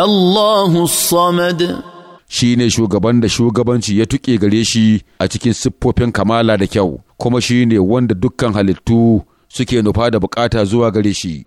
Allahu Samad shi ne shugaban da shugabanci ya tuƙe gare shi a cikin siffofin kamala da kyau, kuma shi ne wanda dukkan halittu suke nufa da bukata zuwa gare shi.